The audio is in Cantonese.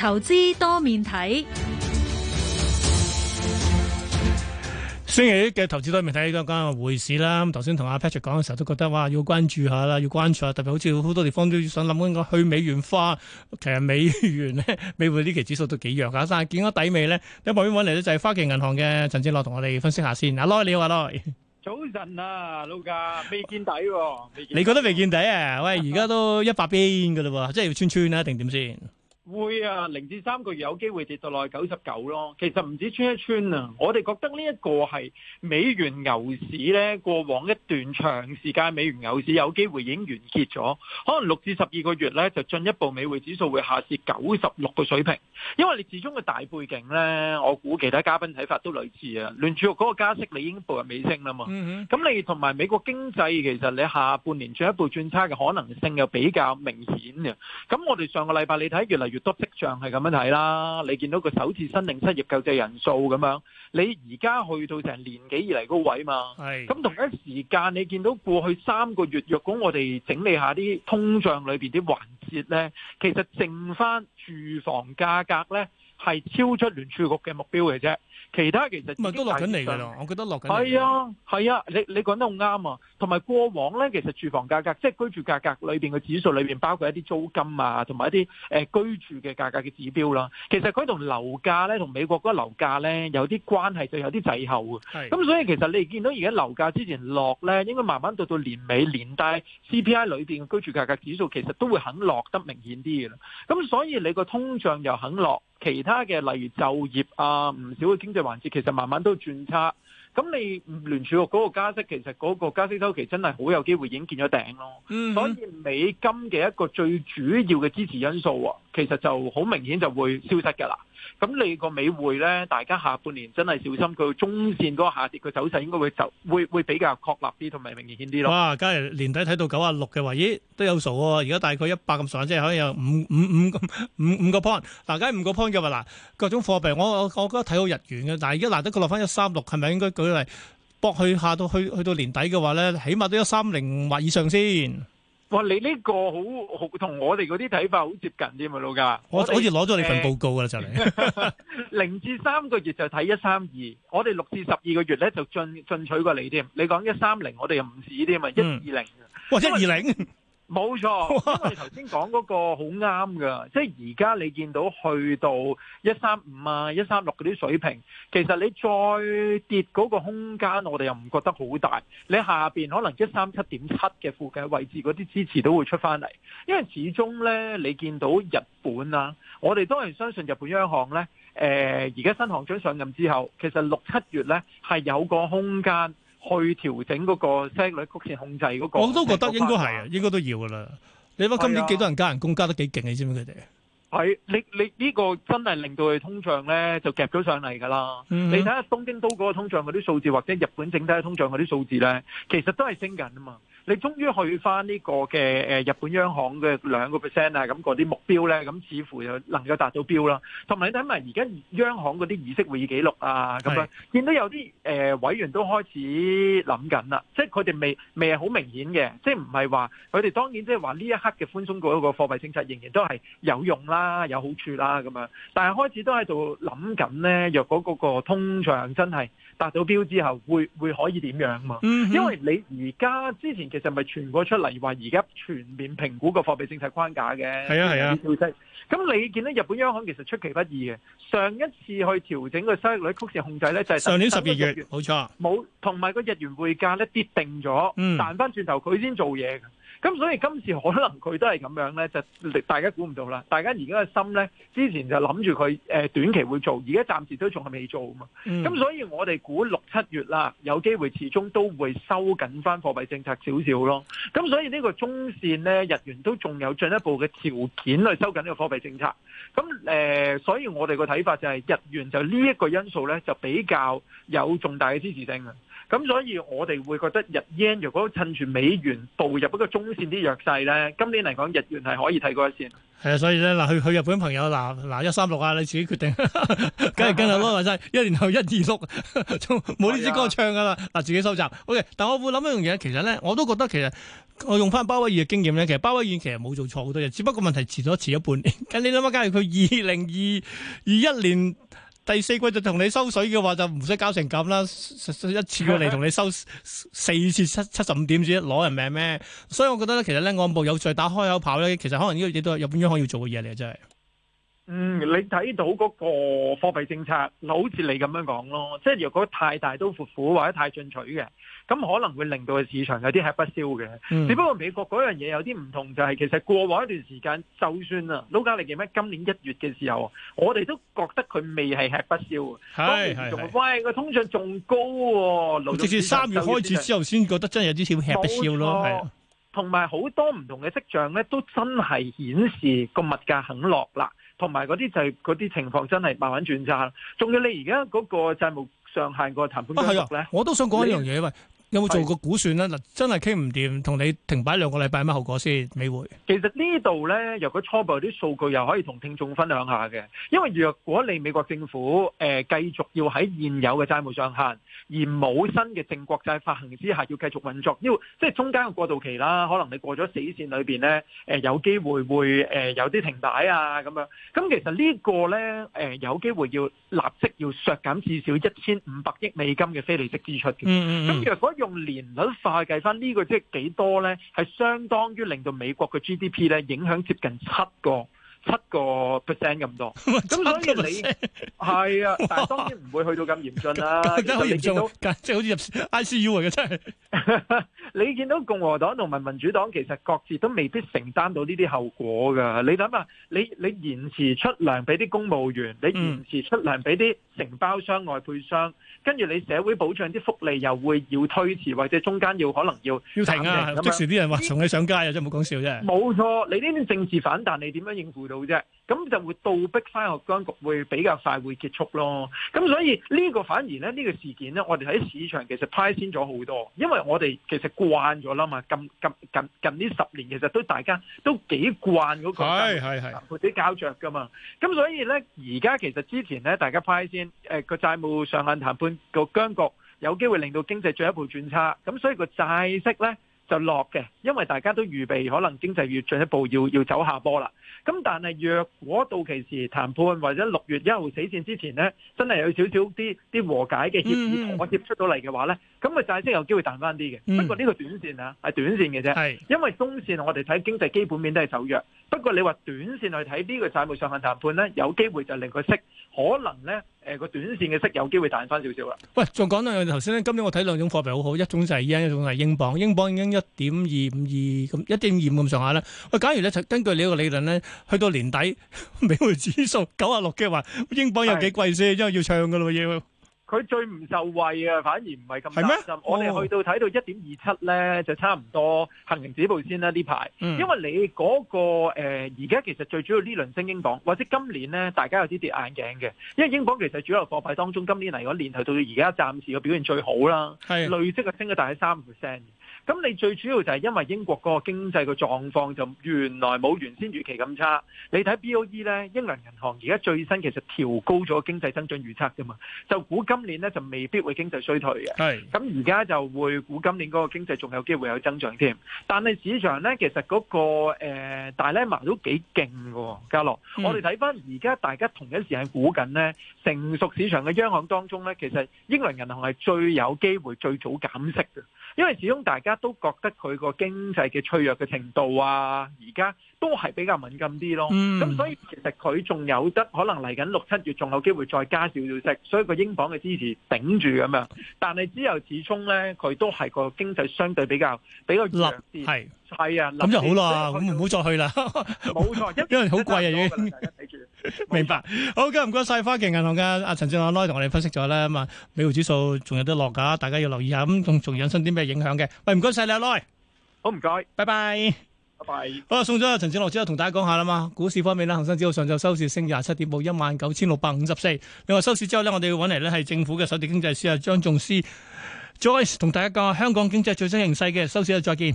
投資多面睇，星期一嘅投資多面睇都講匯市啦。咁頭先同阿 Patrick 講嘅時候，都覺得哇，要關注下啦，要關注下。特別好似好多地方都想諗緊個去美元化。其實美元咧，美元美匯呢期指數都幾弱噶，但係見個底尾咧。喺旁邊揾嚟咧，就係花旗銀行嘅陳正犖同我哋分析下先。阿 Lo、啊、你好啊，Lo，早晨啊，老賈未見底喎、哦，底你覺得未見底啊？喂，而家 都一百邊噶啦，即係要穿穿啊，定點先？會啊，零至三個月有機會跌到落去九十九咯。其實唔止穿一穿啊，我哋覺得呢一個係美元牛市呢，過往一段長時間，美元牛市有機會已經完結咗。可能六至十二個月呢，就進一步美匯指數會下至九十六個水平。因為你始終嘅大背景呢，我估其他嘉賓睇法都類似啊。聯儲局嗰個加息你已經步入尾聲啦嘛。嗯哼。咁你同埋美國經濟其實你下半年進一步轉差嘅可能性又比較明顯嘅。咁我哋上個禮拜你睇越嚟越。多跡象係咁樣睇啦，你見到個首次申領失業救濟人數咁樣，你而家去到成年幾以嚟嗰位嘛？係咁是同一時間，你見到過去三個月，若果我哋整理下啲通脹裏邊啲環節咧，其實剩返住房價格咧。係超出聯儲局嘅目標嘅啫，其他其實都落緊嚟噶啦。我覺得落緊係啊，係啊，你你講得好啱啊。同埋過往咧，其實住房價格，即係居住價格裏邊嘅指數裏邊，包括一啲租金啊，同埋一啲誒居住嘅價格嘅指標啦。其實佢同樓價咧，同美國嗰個樓價咧，有啲關係，就有啲滯後嘅。係咁，所以其實你哋見到而家樓價之前落咧，應該慢慢到到年尾年底 CPI 裏邊嘅居住價格指數，其實都會肯落得明顯啲嘅啦。咁所以你個通脹又肯落。其他嘅例如就業啊，唔少嘅經濟環節其實慢慢都轉差，咁你聯儲局嗰個加息，其實嗰個加息周期真係好有機會已經見咗頂咯。所以美金嘅一個最主要嘅支持因素啊，其實就好明顯就會消失㗎啦。咁你個美匯咧，大家下半年真係小心佢中線嗰個下跌，佢走勢應該會走，會會比較確立啲同埋明顯啲咯。哇！梗係年底睇到九啊六嘅話，咦都有數喎，哦，而家大概一百咁上下，即係可能有五五五五五個 point。嗱，梗五個 point 嘅話，嗱各種貨幣我，我我我覺得睇到日元嘅，但係而家難得佢落翻一三六，係咪應該舉例？搏去下到去去到年底嘅話咧，起碼都一三零或以上先。哇！你呢個好好同我哋嗰啲睇法好接近添嘛，老賈。我，我，們我好似攞咗你份報告啦，就嚟、呃。零至三個月就睇一三二，我哋六至十二個月咧就進進取過你添。你講一三零，我哋又唔止添啊，一二零。哇！一二零。冇錯，因為頭先講嗰個好啱㗎，即係而家你見到去到一三五啊、一三六嗰啲水平，其實你再跌嗰個空間，我哋又唔覺得好大。你下邊可能一三七點七嘅附近位置嗰啲支持都會出翻嚟，因為始終呢，你見到日本啊，我哋當然相信日本央行呢。誒而家新行長上任之後，其實六七月呢係有個空間。去調整嗰個聲率曲線控制嗰個，我都覺得應該係啊，應該都要噶啦。你諗下今年幾多人加人工，加得幾勁，你知唔知佢哋？係你你呢個真係令到佢通脹咧，就夾咗上嚟噶啦。嗯、哼你睇下東京都嗰個通脹嗰啲數字，或者日本整體通脹嗰啲數字咧，其實都係升緊啊嘛。你終於去翻呢個嘅誒日本央行嘅兩個 percent 啊，咁嗰啲目標咧，咁似乎又能夠達到標啦。同埋你睇埋而家央行嗰啲議息會議記錄啊，咁樣見到有啲誒、呃、委員都開始諗緊啦，即係佢哋未未係好明顯嘅，即係唔係話佢哋當然即係話呢一刻嘅寬鬆嗰個貨幣政策仍然都係有用啦、有好處啦咁樣，但係開始都喺度諗緊咧，若果嗰個通脹真係。達到標之後會會可以點樣嘛？嗯哼，因為你而家之前其實咪傳過出嚟，話而家全面評估個貨幣政策框架嘅。係啊係啊。咁、啊、 你見到，日本央行其實出其不意嘅，上一次去調整個收益率曲線控制咧，就係上年十二月，冇錯。冇，同埋個日元匯價咧跌定咗，嗯，彈翻轉頭佢先做嘢。咁所以今次可能佢都係咁樣咧，就大家估唔到啦。大家而家嘅心咧，之前就諗住佢誒短期會做，而家暫時都仲係未做啊嘛。咁、嗯、所以我哋估六七月啦，有機會始終都會收緊翻貨幣政策少少咯。咁所以呢個中線咧，日元都仲有進一步嘅條件去收緊呢個貨幣政策。咁誒、呃，所以我哋個睇法就係日元就呢一個因素咧，就比較有重大嘅支持性啊。咁所以我哋會覺得日元若果趁住美元導入一個中線啲弱勢咧，今年嚟講日元係可以睇高一線。係啊，所以咧嗱，去去日本朋友嗱嗱一三六啊，你自己決定，梗係梗係咯，話曬 一年後 1, 2, 6, 一二六，冇呢支歌唱噶啦，嗱、 啊、自己收集。O.K.，但我會諗一樣嘢，其實咧我都覺得其實我用翻鮑威爾嘅經驗咧，其實鮑威爾其實冇做錯好多嘢，只不過問題遲咗遲咗半年。咁 你諗下，假如佢二零二二一年。第四季就同你收水嘅話就，就唔使搞成咁啦！一次過嚟同你收四,四次七七十五點先攞人命咩？所以我覺得咧，其實咧，岸部有再打開口炮咧，其實可能呢個亦都係日本央行要做嘅嘢嚟，真係。嗯，你睇到嗰個貨幣政策，好似你咁樣講咯，即係若果太大刀闊斧或者太進取嘅，咁可能會令到個市場有啲吃不消嘅。嗯、只不過美國嗰樣嘢有啲唔同，就係、是、其實過往一段時間，就算啊，老格利記咩？今年一月嘅時候，我哋都覺得佢未係吃不消。係係是喂，個通脹仲高喎、啊，老格直至三月開始之後，先覺得真係有啲少吃不消咯，錯同埋好多唔同嘅跡象咧，都真係顯示個物價肯落啦。同埋嗰啲就係嗰啲情況，真係慢慢轉差啦。仲要你而家嗰個債務上限個談判記錄咧，我都想講一樣嘢你喂。有冇做過估算咧？嗱，真係傾唔掂，同你停擺兩個禮拜乜後果先？美匯其實呢度咧，若果初步啲數據又可以同聽眾分享下嘅，因為如果你美國政府誒繼續要喺現有嘅債務上限而冇新嘅正國債發行之下，要繼續運作，要即係中間嘅過渡期啦，可能你過咗死線裏邊咧，誒有機會會誒有啲停擺啊咁樣。咁其實呢個咧，誒有機會要立即要削減至少一千五百億美金嘅非利息支出嘅。咁若果用年率化計翻呢個即係幾多咧？係相當於令到美國嘅 GDP，咧，影響接近七個七個 percent 咁多。咁所以你係啊，但係當然唔會去到咁嚴峻啦。真係好嚴重，即係好似入 ICU 嚟嘅。你見到共和黨同埋民主黨其實各自都未必承擔到呢啲後果噶。你諗下，你你延遲出糧俾啲公務員，你延遲出糧俾啲。承包商、外配商，跟住你社會保障啲福利又會要推遲，或者中間要可能要要停啊！即時啲人話：這「重你上街啊！真係冇講笑啫，冇錯，你呢啲政治反彈，你點樣應付到啫？咁就會倒逼返個僵局，會比較快會結束咯。咁所以呢個反而咧，呢個事件咧，我哋喺市場其實派先咗好多，因為我哋其實慣咗啦嘛，近近近近呢十年其實都大家都幾慣嗰個係係係，佢啲膠著噶嘛。咁所以咧，而家其實之前咧，大家先派先誒個債務上限談判個僵局，有機會令到經濟進一步轉差。咁所以個債息咧。就落嘅，因為大家都預備可能經濟越進一步要要走下坡啦。咁但係若果到期時談判或者六月一號死綫之前呢，真係有少少啲啲和解嘅協議妥協出到嚟嘅話呢，咁個債息有機會彈翻啲嘅。嗯、不過呢個短綫啊，係短綫嘅啫，是因為中綫我哋睇經濟基本面都係走弱。不過你話短綫去睇呢個債務上限談判咧，有機會就令佢息，可能咧誒個短綫嘅息有機會彈翻少少啦。喂，仲講到頭先咧，今年我睇兩種貨幣好好，一種就係依家，一種係英鎊。英鎊已經一點二五二咁，一點二五咁上下啦。喂，假如咧就根據你個理論咧，去到年底，美匯指數九啊六嘅話，英鎊有幾貴先？因為要唱噶啦，要。佢最唔受惠啊，反而唔係咁擔心。嗎我哋去到睇到一點二七咧，哦、就差唔多行恒止步先啦呢排。嗯、因為你嗰、那個誒，而、呃、家其實最主要呢輪升英鎊，或者今年咧，大家有啲跌眼鏡嘅，因為英鎊其實主流貨幣當中，今年嚟，嗰年頭到而家暫時嘅表現最好啦，係累積嘅升嘅大概三 percent。咁你最主要就係因為英國嗰個經濟嘅狀況就原來冇原先預期咁差。你睇 B.O.E 咧，英倫銀行而家最新其實調高咗經濟增長預測噶嘛，就估今年咧就未必會經濟衰退嘅。係，咁而家就會估今年嗰個經濟仲有機會有增長添。但係市場咧，其實嗰個誒大奶麻都幾勁嘅，嘉樂。我哋睇翻而家大家同一時間估緊咧，成熟市場嘅央行當中咧，其實英倫銀行係最有機會最早減息嘅，因為始終大家，都覺得佢個經濟嘅脆弱嘅程度啊，而家都係比較敏感啲咯。咁、嗯、所以其實佢仲有得可能嚟緊六七月仲有機會再加少少息，所以個英鎊嘅支持頂住咁樣。但係之後始終咧，佢都係個經濟相對比較比較弱啲，係係啊，咁就好啦。咁唔好再去啦。冇 錯，因為好貴啊，已經。大家明白，好嘅，唔該晒花旗銀行嘅阿陳正犖來同我哋分析咗咧，咁啊，美匯指數仲有得落噶，大家要留意下，咁仲仲引申啲咩影響嘅？喂，唔該晒你，阿犖，好唔該，拜拜，拜拜。好，送咗阿陳正犖之後，同大家講下啦嘛，股市方面咧，恒生指數上晝收市升廿七點報一萬九千六百五十四。另外收市之後咧，我哋要搵嚟咧係政府嘅首席經濟師張仲師 Joyce 同大家講下香港經濟最新形勢嘅收市再見。